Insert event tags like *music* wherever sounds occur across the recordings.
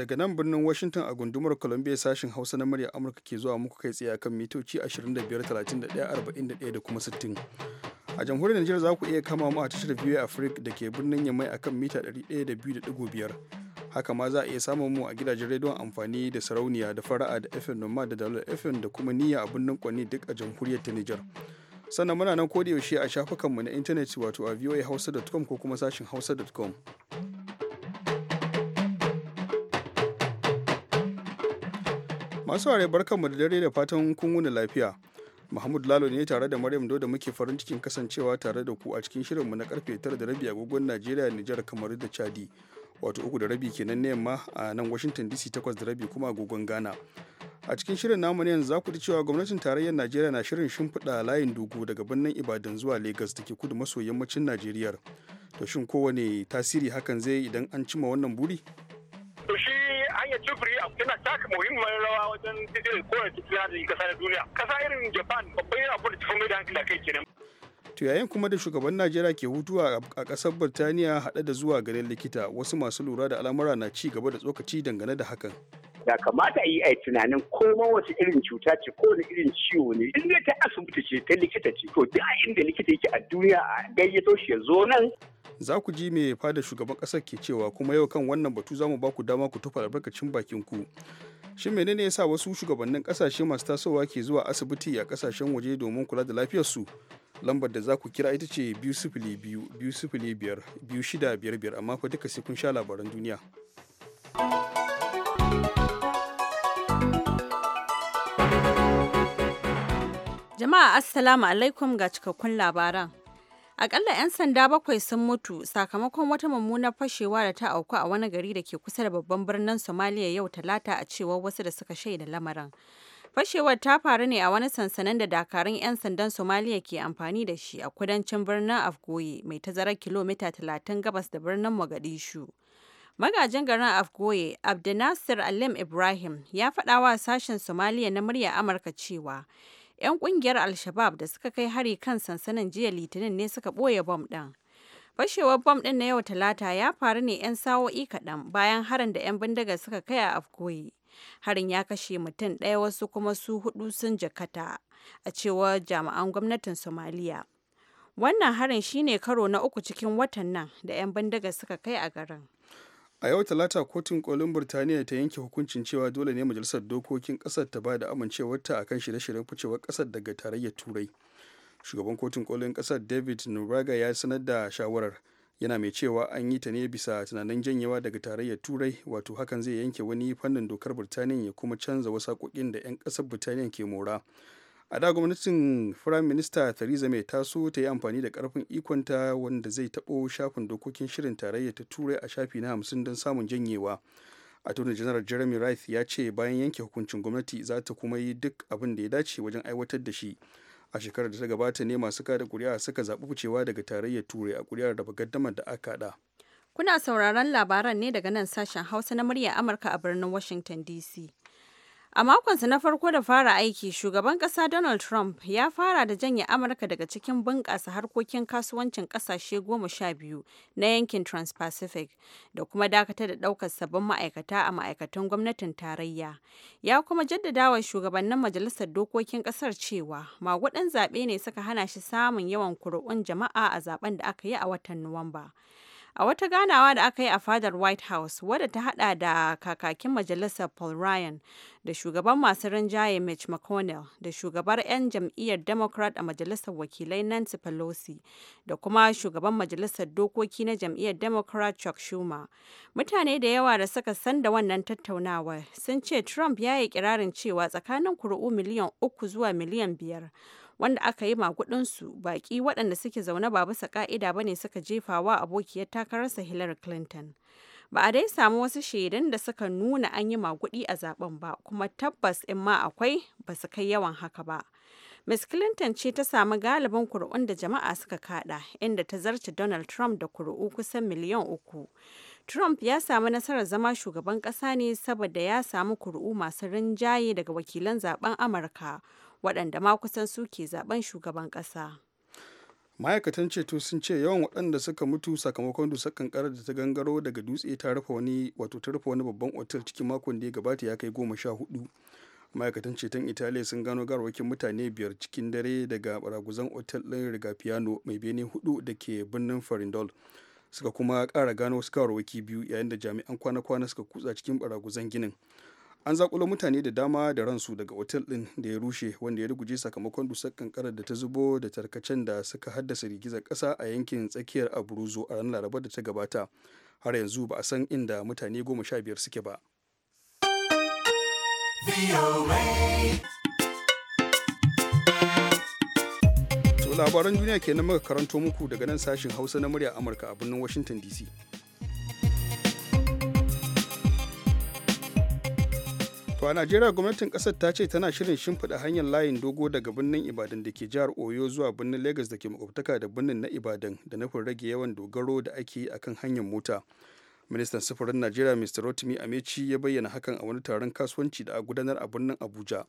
daga nan birnin Washington a gundumar Columbia sashin Hausa na murya Amurka ke zuwa muku kai tsaye kan mitoci 25, 31, 41 da kuma 60. A jamhuriyar Najeriya za ku iya kama mu a tashar a Africa da ke birnin Yamai akan mita 102.5. Haka ma za a iya samun mu a gidajen rediyon amfani da sarauniya da fara'a da FM Noma da Dalar FM da kuma niyya a birnin Kwani duk a jamhuriyar ta Nijar. Sannan muna nan kodayaushe a shafukanmu na intanet wato a voahausa.com ko kuma sashin hausa.com. masu ware mu da dare da fatan kun wuni lafiya muhammadu Lalo ne tare da Maryam da muke farin cikin kasancewa tare da ku a cikin shirinmu na karfe 9 da rabi agogon Najeriya, Nijar, kamar da Chadi. Wato uku da rabi kenan na yamma a nan Washington DC 8 da rabi kuma agogon Ghana. A cikin shirin namu ne yanzu za ku ji cewa gwamnatin tarayyar Najeriya na shirin shimfiɗa layin dogo daga birnin Ibadan zuwa Lagos da ke kudu maso yammacin Najeriya. To shin kowane tasiri hakan zai idan an cima wannan buri? hanyar sufuri tana taka muhimmiyar rawa wajen tattalin kowace cikin arzikin kasa na duniya kasa irin japan babban yana kudu cikin mai da hankali kai kenan to yayin kuma da shugaban najeriya ke hutuwa a kasar birtaniya hada da zuwa ganin likita wasu masu lura da al'amura na ci gaba da tsokaci dangane da hakan ya kamata a yi ai tunanin koma wasu irin cuta ce ko wani irin ciwo ne in ta asibiti ce ta likita ce to duk inda likita yake a duniya a gayyato shi ya zo nan za ku ji mai fada shugaban ƙasar ke cewa kuma yau kan wannan batu za mu ba ku dama ku tufa albarkacin bakin ku shin menene yasa wasu shugabannin kasashe masu tasowa ke zuwa asibiti a kasashen waje domin kula da lafiyarsu lambar da za ku kira ita ce biyu sifili biyu biyu sifili biyar biyu shida biyar biyar amma fa duka sai kun sha labaran duniya. Jama'a Assalamu alaikum ga cikakkun labaran. Akalla 'yan sanda bakwai sun mutu sakamakon wata mummunar fashewa da ta auku a wani gari da ke kusa da babban birnin Somalia yau Talata a cewa wasu da suka shaida lamarin. Fashewar ta faru ne a wani sansanin da dakarun 'yan sandan Somalia ke amfani da shi a kudancin birnin Afgoye mai tazarar kilomita talatin gabas da birnin Mogadishu. Magajin garin Afgoye, Abdinasir Alim Ibrahim, ya faɗa wa sashen Somaliya na murya Amurka cewa 'Yan kungiyar Al-Shabab da suka kai hari kan sansanin jiya Litinin ne suka ɓoye bom ɗin. Fashewar bom ɗin na yau Talata ya faru ne 'yan sawo'i kaɗan bayan harin da 'yan bindiga suka kai a afkoyi Harin ya kashe mutum ɗaya wasu kuma su hudu sun jakata, a cewar jami'an gwamnatin Somaliya. Wannan harin shine karo na uku cikin watan nan da 'yan bindiga suka kai a garin. a yau talata kotun kolin burtaniya ta yanke hukuncin cewa dole ne majalisar dokokin kasar ta ba da amincewarta akan shirye-shiryen ficewar kasar daga tarayyar turai shugaban kotun kolin kasar david nuraga ya sanar da shawarar yana mai cewa an yi ta ne bisa tunanin janyewa daga tarayyar turai wato hakan zai yanke wani fannin dokar burtaniya ya kuma canza wasu haƙoƙin da 'yan kasar burtaniya ke mora a da gwamnatin firayim minista theresa ta taso ta yi amfani da karfin ikonta wanda zai tabo shafin dokokin shirin tarayya ta turai a shafi na hamsin don samun janyewa attorney general jeremy rice ya ce bayan yanke hukuncin gwamnati za ta kuma yi duk abin da ya dace wajen aiwatar da shi a shekarar da ta gabata ne masu kada kuri'a suka zaɓi ficewa daga tarayyar turai a kuri'ar da bagaddamar da aka haɗa kuna sauraron labaran ne daga nan sashen hausa na murya amurka a birnin washington dc A makonsa na farko da fara aiki, shugaban kasa Donald Trump ya fara da janye Amurka daga cikin bunƙasa harkokin kasuwancin ƙasashe goma sha biyu na yankin Trans-Pacific da kuma dakatar da ɗaukar sabbin ma'aikata a ma'aikatan gwamnatin tarayya. Ya kuma jaddadawa shugabannin Majalisar Dokokin ƙasar cewa maguɗin zaɓe ne suka hana shi samun yawan kuri'un jama'a a zaben da aka yi a watan Nuwamba. A wata ganawa da aka yi a fadar White House wadda ta hada da kakakin majalisar Paul Ryan da shugaban masu rinjaye Mitch McConnell da shugabar 'yan jam'iyyar Democrat a majalisar wakilai Nancy Pelosi da kuma shugaban majalisar dokoki na jam'iyyar Democrat Chuck Schumer. Mutane da yawa da suka san da wannan tattaunawar sun ce Trump ya yi kirarin cewa tsakanin kuri'u miliyan uku zuwa miliyan biyar wanda aka yi su baki waɗanda suke zaune ba bisa ka'ida ba ne suka jefa wa abokiyar takararsa Hillary Clinton. Ba a dai samu wasu shaidan da suka nuna an yi magudi a zaben ba, kuma tabbas in ma akwai ba su kai yawan haka ba. Ms. Clinton ce ta samu galibin kuri'un da jama'a suka kada, inda ta zarce Donald Trump da kuri'u kusan miliyan uku. Trump ya samu nasarar zama shugaban ƙasa ne saboda ya samu kuri'u masu rinjaye daga wakilan zaben Amurka. waɗanda ma kusan su ke zaben shugaban ƙasa. ma'aikatan ceto sun ce yawan waɗanda suka mutu sakamakon dusar kankarar da ta gangaro daga dutse ta rufe wani wato ta rufe wani babban otal cikin makon da ya gabata ya kai goma sha hudu ma'aikatan ceton italiya sun gano garwakin mutane biyar cikin dare daga baraguzan otal ɗin piano mai bene hudu da ke birnin farindol suka kuma ƙara gano wasu garwaki biyu yayin da jami'an kwana-kwana suka kutsa cikin baraguzan ginin an zakulo mutane da dama da ransu daga otel ɗin da ya rushe wanda ya ruguje sakamakon dusar kankarar da ta zubo da tarkacen da suka haddasa rigizar ƙasa a yankin tsakiyar aburuzo a ranar laraba da ta gabata har yanzu ba a san inda mutane goma sha biyar suke ba labaran duniya kenan muka karanto muku daga nan sashin hausa na murya amurka a birnin washington dc To a Najeriya gwamnatin kasar ta ce tana shirin shimfiɗa hanyar layin dogo daga birnin Ibadan da ke jihar Oyo zuwa birnin legas da ke makwabtaka da birnin na Ibadan da nufin rage yawan dogaro da ake yi akan hanyar mota. Ministan sufurin Najeriya Mr. Rotimi Amechi ya bayyana hakan a wani taron kasuwanci da a gudanar a birnin Abuja.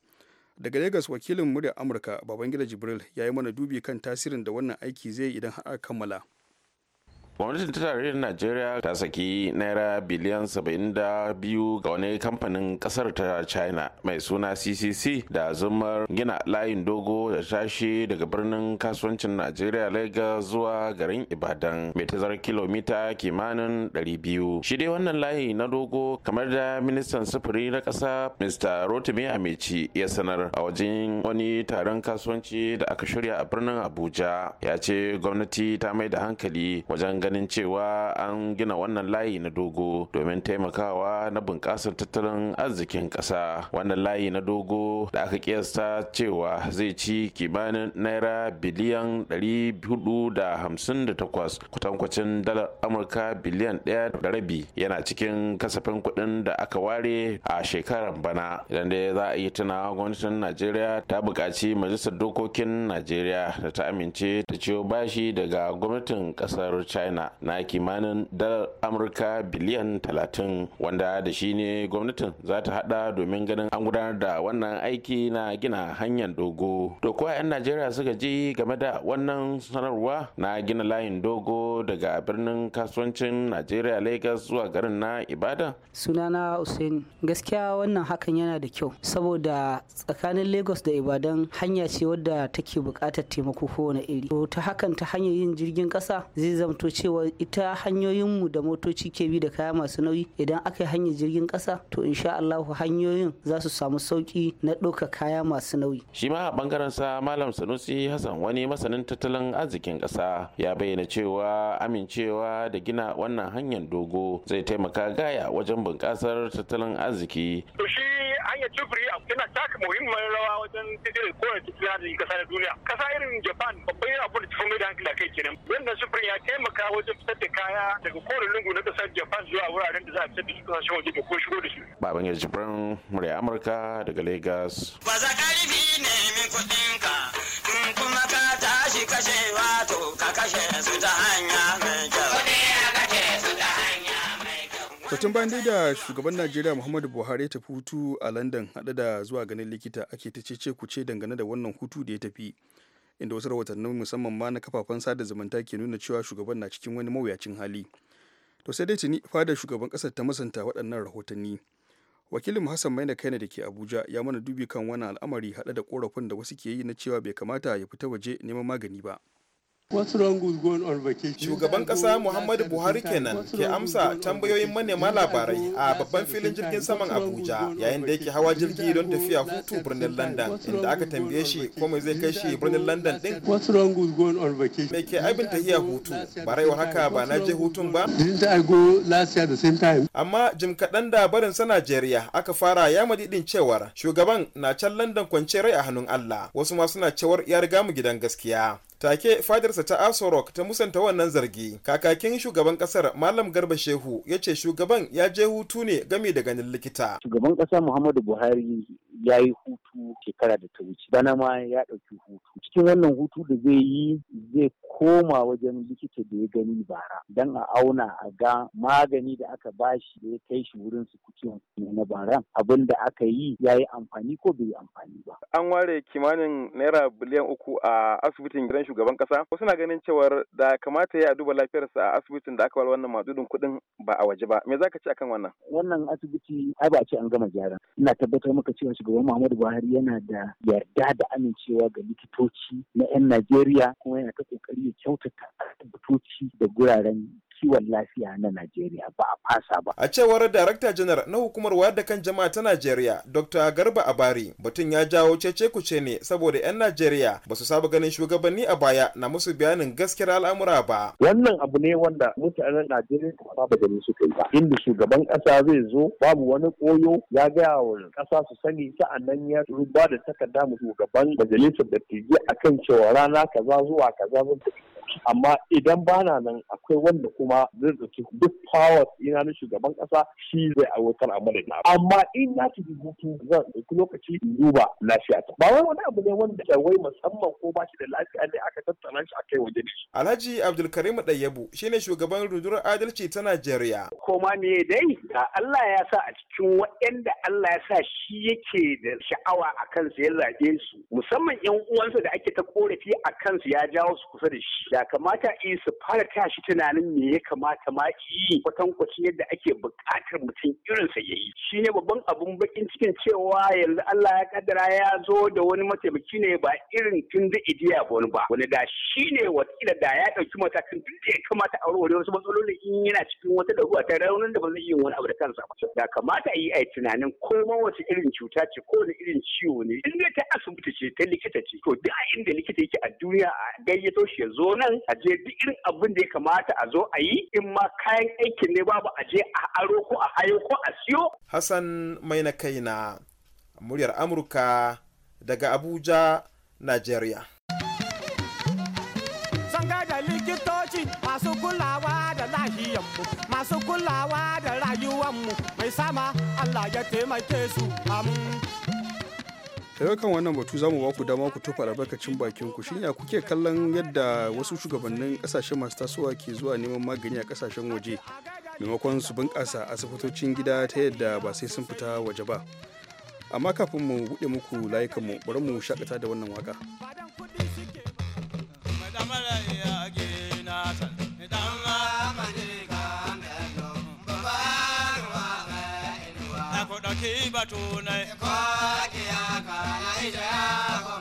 Daga legas wakilin murya Amurka Babangida Jibril ya yi mana dubi kan tasirin da wannan aiki zai idan har kammala. gwamnatin tarayyar najeriya ta saki naira biliyan 72 ga wani kamfanin kasar ta china mai suna ccc da zumar gina layin dogo da tashi daga birnin kasuwancin najeriya lagos zuwa garin ibadan mai tazar kilomita kimanin 200 shi dai wannan layi na dogo kamar da ministan sufuri na kasa mr rotimi amici ya sanar a wajen wani taron kasuwanci da aka shirya a birnin abuja ya ce gwamnati ta mai da hankali wajen ganin ganin cewa an gina wannan layi na dogo domin taimakawa na bunƙasar tattalin arzikin ƙasa wannan layi na dogo da aka kiyasta cewa zai ci kimanin naira biliyan 458 kwatankwacin dalar amurka biliyan ɗaya da yana cikin kasafin kuɗin da aka ware a shekarar bana idan dai za a yi tunawa gwamnatin najeriya ta buƙaci majalisar dokokin najeriya da ta amince ta ciyo bashi daga gwamnatin ƙasar china na kimanin dalar amurka biliyan 30 wanda da shi ne gwamnatin za ta hada domin ganin an gudanar da wannan aiki na gina hanyar dogo to 'yan najeriya suka ji game da wannan sanarwa na gina layin dogo daga birnin kasuwancin najeriya lagos zuwa garin na ibadan sunana hussein gaskiya wannan hakan yana da kyau saboda tsakanin lagos da ibadan hanya ce wadda take bukatar taimako kowane iri to ta hakan ta hanyar yin jirgin kasa zai zamto cewa ita hanyoyinmu da motoci ke bi da kaya masu nauyi idan aka yi hanyar jirgin ƙasa to insha Allah hanyoyin za su samu sauki na ɗauka kaya masu nauyi. Shi ma a ɓangaren sa Malam Sanusi Hassan wani masanin tattalin arzikin ƙasa ya bayyana cewa amincewa da gina wannan hanyar dogo zai taimaka gaya wajen bunƙasar tattalin arziki. To shi hanyar tufuri yana taka muhimmin rawa wajen tattalin kowane tattalin arzikin ƙasa da duniya. Ƙasa irin Japan babban yana abin da ta mai da hankali a kai kenan. Wannan sufurin ya taimaka wajen fitar da kaya daga kore lungu na kasar Japan zuwa wuraren da za a fitar da su kasashen waje da ko shigo da shi Baban ya jibran murya Amurka daga Lagos. Ba za ƙarfi ne min kudin ka in kuma ka tashi kashe wato ka kashe su ta hanya mai kyau. Kuɗi bayan da shugaban Najeriya Muhammadu Buhari ta hutu a London hada da zuwa ganin likita ake ta ce ku ce dangane da wannan hutu da ya tafi. inda wasu rahotannin musamman ma na kafafen sada zumunta ke nuna cewa shugaban na cikin wani mawuyacin hali to sai dai tuni fadar shugaban kasar ta musanta waɗannan rahotanni wakilin hassan maina kaina da ke abuja ya mana dubi kan wani al'amari haɗe da korafin da wasu ke yi na cewa bai kamata ya fita waje neman magani ba Shugaban ƙasa Muhammadu Buhari kenan ke amsa tambayoyin manema labarai a babban filin jirgin saman Abuja yayin da yake hawa jirgi don tafiya hutu birnin London inda aka tambaye shi ko mai zai kai shi birnin London din. Me ke abin ta iya hutu ba wa haka ba na je hutun ba. Amma jim kaɗan da barin sa Najeriya aka fara ya madidin cewar shugaban na can London kwance rai a hannun Allah wasu ma suna cewar ya riga mu gidan gaskiya. take fadarsa ta aso ta musanta wannan zargi kakakin shugaban kasar malam garba shehu ya ce shugaban ya je hutu ne game da ganin likita shugaban kasa muhammadu buhari ya yi hutu shekara da ta wuce bana ma ya ɗauki hutu cikin wannan hutu da zai yi zai koma wajen likita da ya gani bara don a auna a ga magani da aka bashi da ya kai shi wurin su kuciyon na bara abin da aka yi ya yi amfani ko bai yi amfani ba. An ware kimanin naira biliyan uku a asibitin gidan shugaban kasa wasu na ganin cewa da kamata ya duba lafiyarsa a asibitin da aka wal wannan madudin kuɗin ba a waje ba me za ka ce akan wannan? Wannan asibiti ai ba ce an gama gyara ina tabbatar maka cewa shugaban Muhammadu Buhari yana da yarda da amincewa ga likitoci na 'yan Najeriya kuma yana ta kokari ke kyautata batoci da guraren kiwon lafiya na Najeriya ba a fasa ba. A cewar Darakta Janar na hukumar wayar da kan jama'a ta Najeriya, Dr. Garba Abari, batun ya jawo cece kuce ne saboda 'yan Najeriya ba su saba ganin shugabanni a baya na musu bayanin gaskiyar al'amura ba. Wannan abu ne wanda mutanen Najeriya ba ba da su yi ba. Inda shugaban ƙasa zai zo babu wani koyo ya gaya wa ƙasa su sani sa'annan ya ruba da takarda mu shugaban majalisar dattijai a kan cewa rana kaza zuwa kaza zan tafi amma idan bana nan akwai wanda kuma zai ɗauki duk power ina na shugaban ƙasa shi zai aiwatar a madadin amma in na tafi hutu zan ɗauki lokaci in duba lafiya ta ba wai wani abu ne wanda wai musamman ko ba shi da lafiya ne aka tattara shi akai waje ne. Alhaji Abdulkarim Ɗayyabu shine shugaban rundunar adalci ta Najeriya koma me dai da Allah ya sa a cikin waɗanda Allah ya sa shi yake da sha'awa a kansu ya zaɓe su musamman 'yan uwansa da ake ta korafi a kansu ya jawo su kusa da shi da kamata yi su fara tashi tunanin me ya kamata ma yi kwatankwacin yadda ake buƙatar mutum irinsa ya yi shi ne babban abun bakin cikin cewa yanzu Allah ya kaddara ya zo da wani mataimaki ne ba irin tun da idiya ba wani ba wani da shi ne wakila da ya ɗauki matakan tun da ya kamata a warware wasu matsaloli in yana cikin wata dahuwa ta raunin da ba zai yi wani abu da kansa ba da kamata a yi a tunanin ko ma wace irin cuta ce ko wani irin ciwo ne in ta asibiti ce ta likita ce to duk a inda likita yake a duniya a gayyato shi ya zo nan a je duk irin abin da ya kamata a zo a yi in ma kayan aikin ne babu a je a aro ko a hayo ko a siyo. Hassan mai na kai na muryar Amurka daga Abuja, Najeriya. likitoci masu kulawa da lahiyanmu masu kulawa da rayuwanmu mai sama Allah ya taimake su amin. yau kan wannan batu za mu ba ku dama ku tufa albarkacin bakin ku shinya kuke kallon yadda wasu shugabannin kasashen masu tasowa ke zuwa neman magani a kasashen waje maimakon su bunƙasa asibitocin gida ta yadda ba sai sun fita waje ba amma kafin mu buɗe muku layukanmu bari mu shakata da wannan waka. Ki Elijah.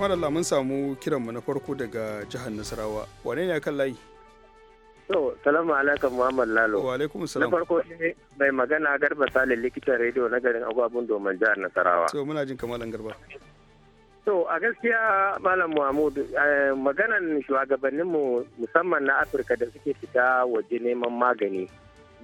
kuma da mun samu kiranmu na farko daga jihar Nasarawa wane ne kan layi so salamu alaikum Muhammad Lalo. Wa alaikum salam. Na farko mai magana Garba salin likitan rediyo na garin Agwabun Domin jihar Nasarawa. so muna jin kamalan Garba. so a gaskiya Malam Muhammad eh, maganan shugabanninmu musamman na Afirka da suke fita waje neman magani.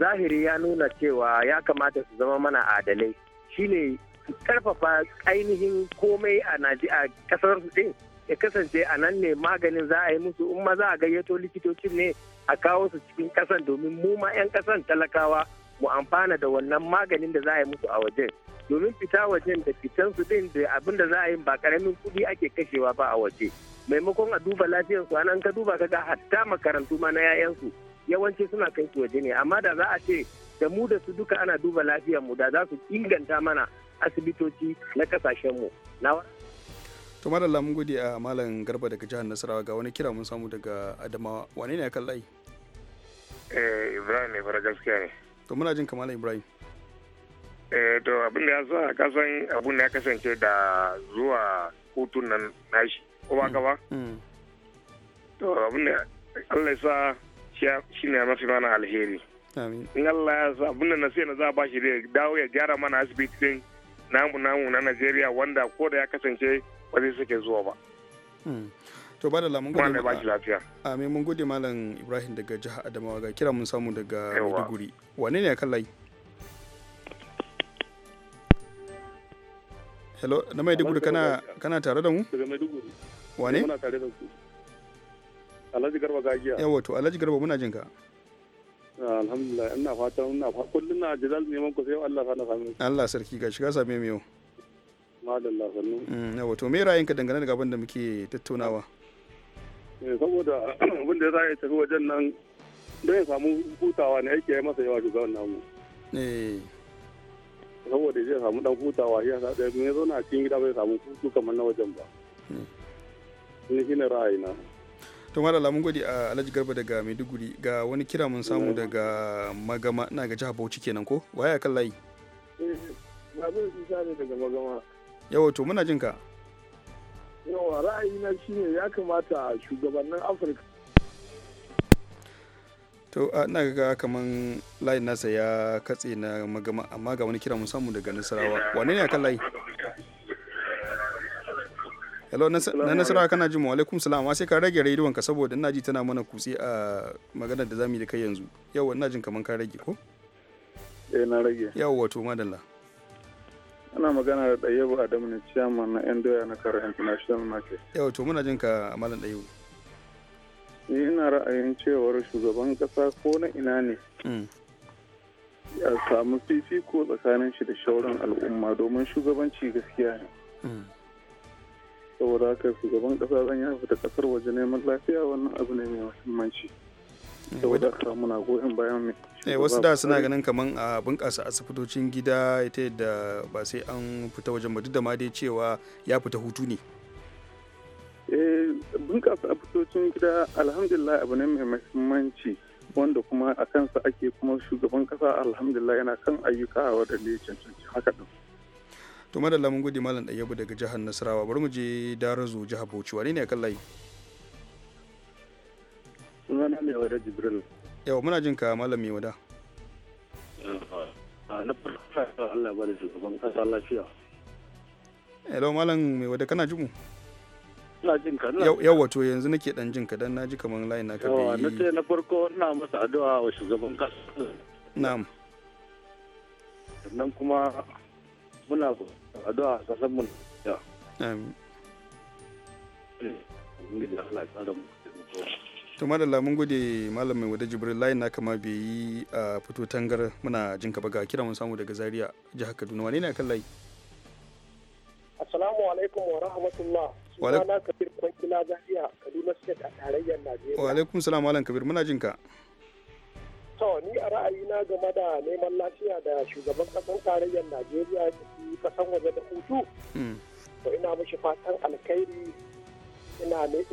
Zahiri ya nuna cewa ya kamata su zama mana adalai. Shine karfafa ainihin komai a a kasar su din ya kasance a nan ne maganin za a yi musu in ma za a gayyato likitocin ne a kawo su cikin kasan domin mu ma 'yan kasan talakawa mu amfana da wannan maganin da za a yi musu a waje? domin fita waje da fitan su din da abin da za a yi ba karamin kuɗi ake kashewa ba a waje maimakon a duba lafiyar su an ka duba ka ga hatta makarantu ma na 'ya'yansu yawanci suna kai su waje ne amma da za a ce da mu da su duka ana duba lafiyar mu da za su inganta mana asibitoci na kasashenmu na to madalla mun gode a malam garba daga jihar nasarawa ga wani kira mun samu daga adamawa wane ne akan layi eh ibrahim ne fara gaskiya ne to muna jin kamar ibrahim eh to abin da ya sa kasan abun da ya kasance da zuwa hutun nan nashi ko ba ka ba mm, mm. to abin da Allah ya sa shi ne mafi mana alheri in Allah ya sa abin da na sai na za a bashi da dawo ya gyara mana asibitin namu namu na Najeriya wanda ko da ya kasance ba zai suke zuwa ba. Hmm. To ba da lamun gode ma. ba shi lafiya. Amin mun gode malam Ibrahim daga jihar Adamawa ga kira mun samu daga Maiduguri. Wane ne kan layi? Hello, na Maiduguri kana kana tare da mu? Daga Maiduguri. Wane? Muna tare da ku. Alhaji Garba Gagiya. Yawa to Alhaji Garba muna jin ka. alhamdulillah ina fatan ina fa kullum na jidal neman ku sai Allah na sami Allah sarki gashi ka same mu yau madalla sannu mm, yawa to me ra'ayinka dangane da abin da muke tattaunawa eh, saboda *clears throat* abin da ya zai tafi wajen nan don samu hutawa ne yake masa yawa shugaban namu eh saboda zai samu dan hutawa ya sa da me zo na cikin gida bai samu hutu kamar na wajen ba mm. ni shine ra'ayina to mara alamun gwadi a ah, alhaji garba daga maiduguri ga wani kira mun samu daga magama na ga jihar bauchi kenan ko waye kan layi eh, babin isa ne daga magama yawa to muna jinka yawa ya kamata shugabannin afirka to ah, ina ga kaman layin nasa ya katse na magama amma ga wani kira mun samu daga nasarawa wane ne akan layi hello na nasara kana jin mu alaikum salam sai ka rage rediyon ka saboda ina ji tana mana kutse a maganar da zamu yi da kai yanzu yawa ina jin kaman ka rage ko eh na rage yawa wato madalla ana magana da Dayebu Adamu ne chairman na Endoya na kar International Market yawa to muna jin ka malam Dayebu ni eh, ina ra'ayin cewar shugaban kasa ko na ina ne mm. ya samu fifiko tsakanin shi da shauran al'umma domin shugabanci gaskiya ne mm. saboda haka shugaban kasa zan ya fita kasar waje neman lafiya wannan abu ne mai muhimmanci eh, saboda haka muna goyon bayan mai eh wasu da suna ganin kaman a bunƙasa asibitocin gida ita yadda ba sai an fita wajen ba duk da ma dai cewa ya fita hutu ne eh bunƙasa asibitocin gida alhamdulillah abu ne mai muhimmanci wanda kuma a kansa ake kuma shugaban kasa alhamdulillah yana kan ayyuka a wadanda ya cancanci haka din to madalla mun gode malam ɗayyabu daga jihar nasarawa bari mu je darazo jihar bauchi wani ne kan layi sunana mai wada jibril yawa muna jin ka malam mai wada ah, na farko Allah ba da shugaban kasa lafiya hello malam mai wada kana jin ina jin ka yau wato yanzu nake dan jin ka dan naji kaman na ka bai na ce na farko ina masa addu'a wa shugaban kasa na'am sannan kuma muna addu'a kasar mu da amin to madalla mun gode malam mai wada jibril layin na kama bai yi a fito tangar muna jin ka baga kira mun samu daga zaria jihar kaduna wane ne akan layi assalamu alaikum wa rahmatullah sunana kabir kwankila zaria kaduna state a tarayyar najeriya wa alaikum salam malam kabir muna jin ka To ni a ra'ayina game da neman lafiya da shugaban kasan tarayyar Najeriya ya fi kasan waje da hutu. Hmm. To ina mishi fatan alkhairi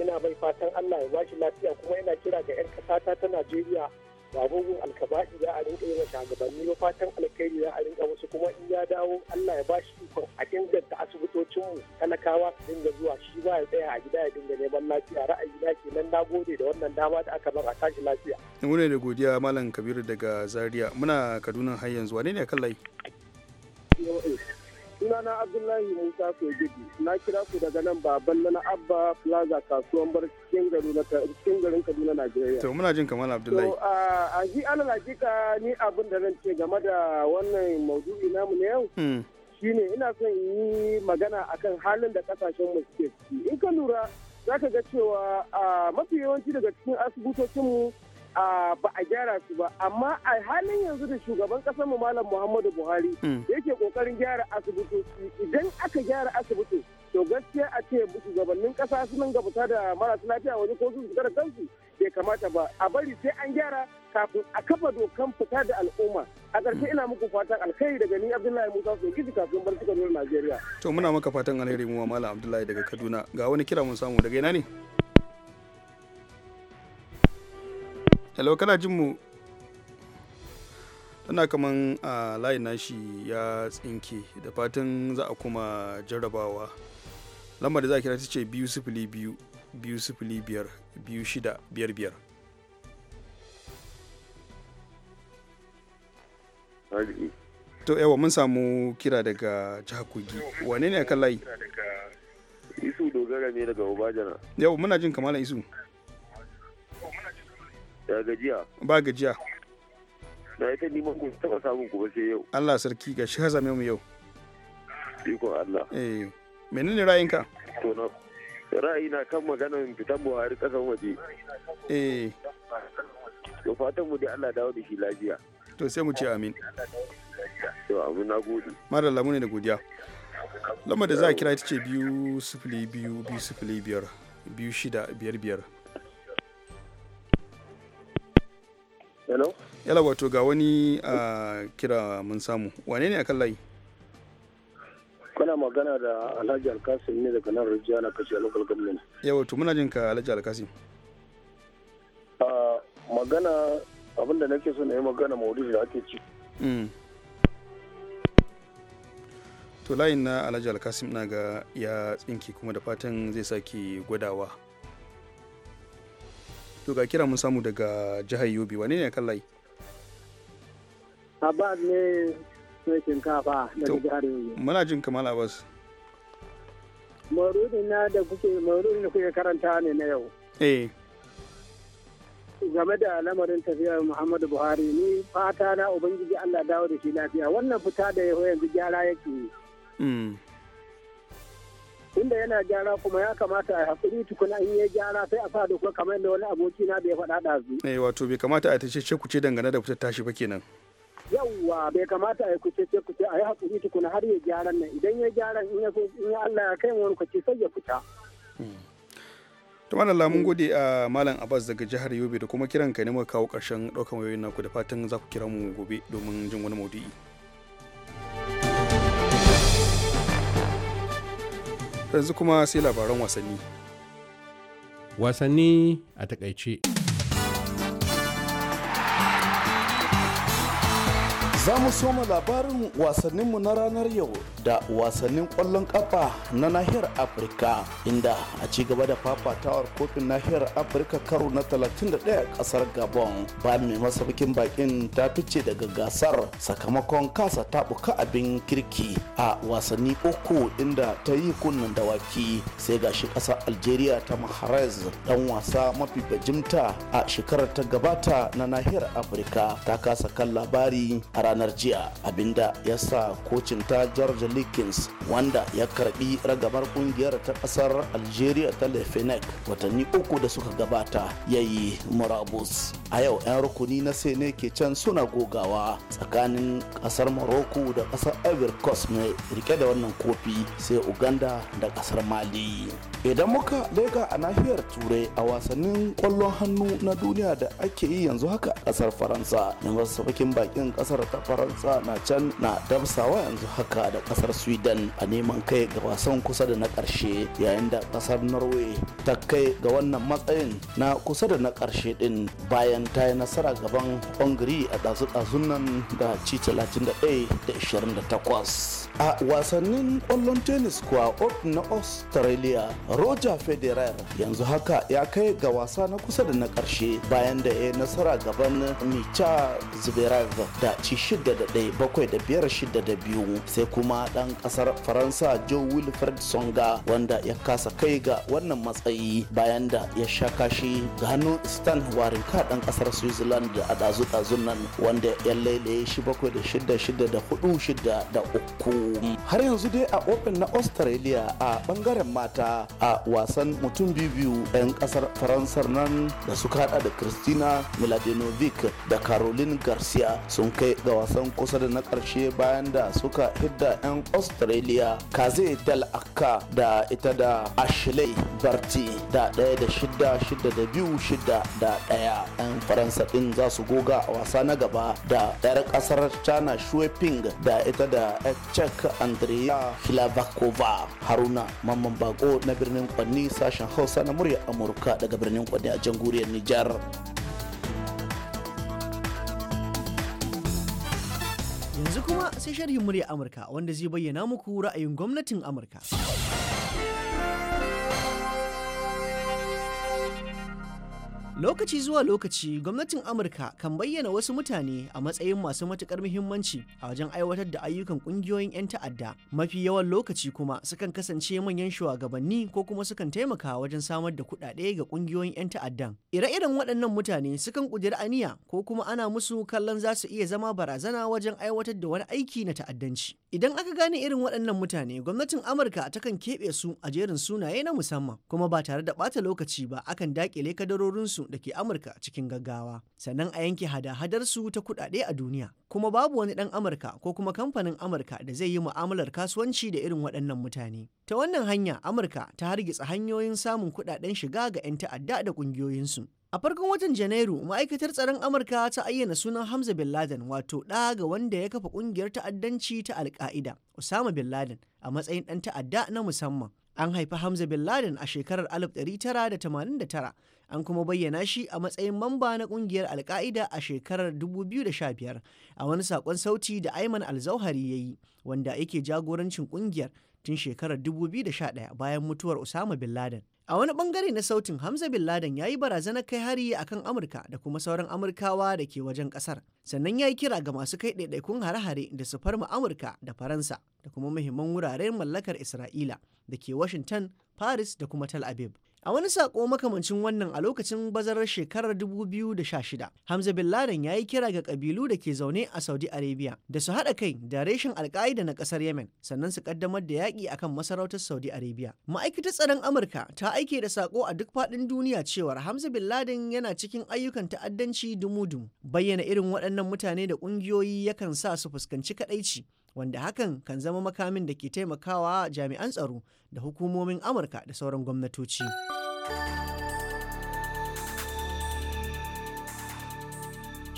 ina mai fatan Allah ya bashi lafiya kuma ina kira ga 'yan kasata ta Najeriya ba bugun alkaba'i za a rinka yi wa shugabanni ba fatan alkhairi za a rinka musu kuma in ya dawo Allah ya bashi ikon a inganta asibitocinmu talakawa su dinga zuwa shi ba ya tsaya a gida ya dinga neman lafiya ra'ayi na kenan na gode da wannan dama da aka bar a tashi lafiya. Muna da godiya Malam Kabiru daga Zaria muna Kaduna har yanzu wane ne kan layi? sunana abdullahi musa kogidi na kira ku daga nan baban na abba plaza kasuwan bar cikin garin kaduna nigeria. to muna jin kamar abdullahi to a ji ni abin da zan ce game da wannan maudu'i namu na yau hmm. shine ina son yi magana akan halin da kasashen mu suke in ka lura za ka ga cewa mafi yawanci daga cikin asibitocinmu. ba a gyara su ba amma a halin yanzu da shugaban kasar mu malam muhammadu buhari hmm. yake kokarin gyara asibitoci idan aka gyara asibiti to gaskiya a ce shugabannin kasa sunan gabata da marasa lafiya waje ko su da kansu bai kamata ba a bari sai an gyara kafin a kafa dokan fita da al'umma a ƙarshe ina muku fatan alkhairi daga ni abdullahi musa su gidi kafin bar cikin najeriya to muna maka fatan alheri mu malam abdullahi daga kaduna ga wani kira mun samu daga ina ne hello kana jin mu tana kaman a layi nashi ya tsinke da fatan za a kuma jarrabawa lambar da za a kira ta ce biyu sifili biyu biyu sifili biyar biyu shida biyar biyar to yawa mun samu kira daga jihar kogi wane ne a kan layi isu dogara ne daga obajana yawa muna jin kamala isu Ya gajiya. Ba gajiya. yi ta ni ku taba samun ku ba sai yau. Allah sarki ga shi hazame mu yau. Iko Allah. Eh. Menene ra'ayinka? To na na kan maganar fitan Buhari kasan waje. Eh. To fatan mu dai Allah dawo da shi lafiya. To sai mu ce amin. To amin na gode. Madalla mu ne da godiya. Lamar da za a kira ita ce biyu sifili biyu biyu sifili biyar biyu shida biyar biyar. yala wato ga wani a kira mun samu wane ne akan layi kuna magana da alhaji alkasim ne daga nan rijiya na kashe local government yawa to muna jin ka alhaji alkasim magana abinda nake so na yi magana maulidi da ake ci mm. to layin na alhaji alkasim na ga ya tsinki kuma da fatan zai sake gwadawa to ga kira mun samu daga jihar yobe wane ne kan layi Abbas ne mai shinkafa daga jihar Yobe. Muna jin kamar Abbas. Marudin na da kuke marudin da kuke karanta ne na yau. Eh. Game da lamarin tafiyar Muhammadu Buhari ni fata na Ubangiji Allah dawo da shi lafiya wannan fita da yawa yanzu gyara yake yi. Inda hmm. yana gyara kuma ya kamata a haƙuri tukuna in ya gyara sai a sa kuma kamar da wani aboki na da ya faɗa ɗazu. Eh wato bai kamata a tace ce ku ce dangane da fitar tashi ba kenan. yawwa bai kamata ya kuce ce kuce a yi hakuri tukuna har ya gyaran nan idan ya gyaran in ya in ya Allah ya kai wani kwaci sai ya fita. Hmm. Tumar Allah mun gode a ah, Malam Abbas daga jihar Yobe da kuma kiran ka ne muka kawo ƙarshen ɗaukan wayoyin naku da fatan za ku kira mu gobe domin jin wani maudu'i. Yanzu kuma sai labaran wasanni. Wasanni a takaice. Za mu soma labarin wasanninmu na ranar yau da wasannin ƙwallon ƙafa na nahiyar Afirka inda a ci gaba da fafatawar kofin nahiyar Afirka karo na 31 ƙasar Gabon ba mai masaukin bakin ta fice daga gasar sakamakon kasa buka abin kirki a wasanni uku inda ta yi kunnen dawaki sai gashi ƙasar Algeria ta Mahrez dan wasa mafi bajimta a shekarar ta gabata na nahiyar Afirka ta kasa kan labari a ranar jiya abinda ya sa kocin ta george likins wanda ya karbi ragamar kungiyar ta kasar algeria ta lefenec watanni uku da suka gabata ya yi murabus a yau 'yan rukuni na sene ke can suna gogawa tsakanin kasar morocco da kasar ivory coast mai rike da wannan kofi sai uganda da kasar mali idan muka leka a nahiyar turai a wasannin kwallon hannu na duniya da ake yi yanzu haka kasar faransa yanzu safakin bakin kasar ta faransa na can na dabsawa yanzu haka da kasar sweden a neman kai ga wasan kusa da na karshe yayin da kasar norway ta kai ga wannan matsayin na kusa da na karshe din bayan ta yi nasara gaban hungary a dazu-dazun nan da ci 31 da 28 a wasannin kwallon tennis kuwa na australia roger federer yanzu haka ya kai ga wasa na kusa da na karshe bayan da ya yi nasara gaban micha zverev da ci 6 sai kuma dan kasar faransa joe wilfred songa wanda ya kasa kai ga wannan matsayi bayan da ya sha kashi ga hannun stan warinka dan kasar switzerland da a dazu dazun nan wanda ya lailaye shi 7 6 6 3 har yanzu dai a open na australia a ɓangaren mata a wasan mutum biyu 'yan kasar faransar nan da suka hada da christina miladinovic da caroline garcia sun kai ga wasan kusa da na karshe bayan da suka hidda 'yan australia kaze dal akka da ita da ashley barti da ɗaya da shida shida da biyu shida da ɗaya 'yan faransa ɗin za su goga a wasa na gaba da 'yar ƙasar china shueping da ita da check andrea hilavakova haruna mamman bako na birnin kwanni sashen hausa na murya amurka daga birnin kwanni a jamhuriyar nijar Yanzu kuma sai sharhin murya Amurka wanda zai bayyana muku ra'ayin gwamnatin Amurka. Lokaci zuwa lokaci gwamnatin Amurka kan bayyana wasu mutane a matsayin masu matukar muhimmanci a wajen aiwatar da ayyukan kungiyoyin 'yan ta'adda. Mafi yawan lokaci kuma sukan kasance manyan shugabanni ko kuma sukan taimaka wajen samar da kuɗaɗe ga kungiyoyin 'yan ta'addan. Ire-iren waɗannan mutane sukan ƙudiri aniya ko kuma ana musu kallon za su iya zama barazana wajen aiwatar da wani aiki na ta'addanci. Idan aka gane irin waɗannan mutane gwamnatin Amurka takan keɓe su a jerin sunaye na musamman kuma ba tare da ɓata lokaci ba akan daƙile kadarorinsu da ke Amurka cikin gaggawa, sannan a yanke hada-hadarsu ta kuɗaɗe a duniya. Kuma babu wani ɗan Amurka ko kuma kamfanin Amurka da zai yi mu'amalar kasuwanci da irin waɗannan mutane. Ta wannan hanya Amurka ta hargitsa hanyoyin samun kuɗaɗen shiga ga 'yan ta'adda da ƙungiyoyinsu. A farkon watan Janairu, ma'aikatar tsaron Amurka ta ayyana sunan Hamza Bin Laden wato ɗa ga wanda ya kafa ƙungiyar ta'addanci ta Al-Qaida, Osama Bin Laden, a matsayin ɗan ta'adda na musamman. An haifi Hamza Bin Laden a shekarar 1989, an kuma bayyana shi a matsayin mamba na kungiyar Alka'ida a shekarar 2015 a wani sakon sauti da Ayman Al-Zawhari ya yi, wanda yake jagorancin kungiyar tun shekarar 2011 bayan mutuwar Usama bin Laden. A wani bangare na sautin Hamza bin Laden ya yi barazanar kai hari a kan Amurka da kuma sauran Amurkawa da ke wajen ƙasar Sannan ya yi kira ga masu kai ɗaiɗaikun hare-hare da su farma Amurka da Faransa da kuma muhimman wuraren mallakar Isra'ila da ke Washington, Paris da kuma Tel Aviv. A wani sako makamancin wannan a lokacin bazarar shekarar 2016, Hamza Bin Laden ya yi kira ga ƙabilu da ke zaune a Saudi Arabia da su haɗa kai da reshen alka'ida na ƙasar Yemen sannan su ƙaddamar da yaƙi akan masarautar Saudi Arabia. Ma'aikatar tsaron Amurka ta aike da saƙo a duk faɗin duniya cewar Hamza Bin Laden yana cikin ayyukan ta'addanci dumu-dumu. Bayyana irin waɗannan mutane da ƙungiyoyi yakan sa su fuskanci kaɗaici. wanda hakan kan zama makamin da ke taimakawa jami'an tsaro da hukumomin amurka da sauran gwamnatoci.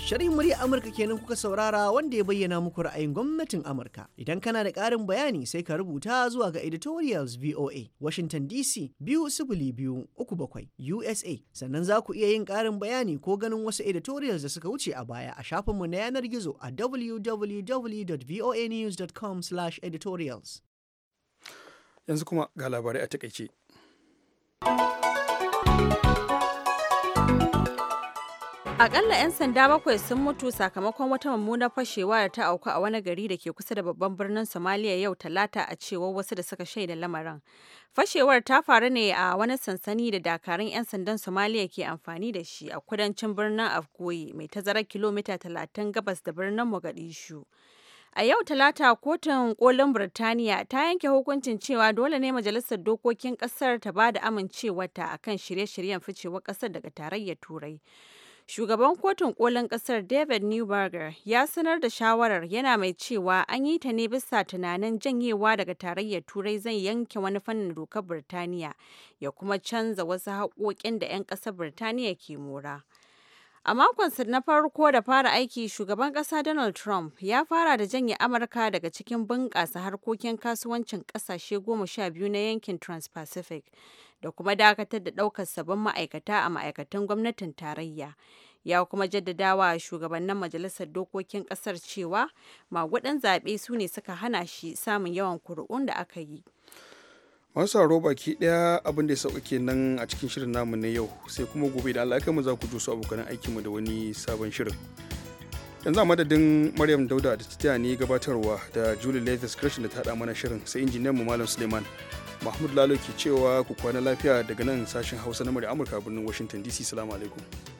Shirin murya Amurka kenan kuka saurara wanda ya bayyana muku ra'ayin gwamnatin Amurka. Idan kana da ƙarin bayani sai ka rubuta zuwa ga editorials VOA Washington DC biyu sifili biyu uku bakwai USA sannan za ku iya yin ƙarin bayani ko ganin wasu editorials da suka wuce a baya a shafinmu na yanar gizo a www.voanews.com editorials. Yanzu kuma ga labarai a takaice. Akalla 'yan sanda bakwai sun mutu sakamakon wata mummunar fashewa da ta auku a wani gari da ke kusa da babban birnin Somalia yau talata a cewar wasu da suka shaida lamarin. Fashewar ta faru ne a wani sansani da dakarun 'yan sandan Somalia ke amfani da shi a kudancin birnin Afgoye mai tazarar kilomita talatin gabas da birnin Mogadishu. A yau Talata kotun kolin Birtaniya ta yanke hukuncin cewa dole ne majalisar dokokin kasar ta ba da amincewarta akan shirye-shiryen ficewar kasar daga tarayyar Turai. Shugaban kotun kolin kasar David Newberger ya sanar da shawarar yana mai cewa an yi ta ne bisa tunanin janyewa daga tarayyar Turai zai yanke wani fannin dokar Birtaniya ya kuma canza wasu haƙoƙin da 'yan ƙasar Birtaniya ke mora. A makonsa na farko da fara aiki, shugaban ƙasa Donald Trump ya fara da janye Amurka daga cikin bunƙasa harkokin kasuwancin ƙasashe goma sha biyu na yankin Trans-Pacific. da kuma dakatar da ɗaukar sabon ma'aikata a ma'aikatan gwamnatin tarayya. Ya kuma jaddadawa shugabannin majalisar dokokin kasar cewa magudan zaɓe su ne suka hana shi samun yawan kuri'un da aka yi. masu tsaro baki daya abin ya sauka kenan a cikin shirin namu na yau sai kuma gobe da Allah mu za ku ji su abokan aikinmu da wani sabon shirin yanzu a madadin maryam dauda da ta ne gabatarwa da julie lathis christian da ta haɗa mana shirin sai injiniyan mu malam suleiman mahmud lalo ke cewa ku kwana lafiya daga nan sashen hausa na murya amurka birnin washington dc salamu alaikum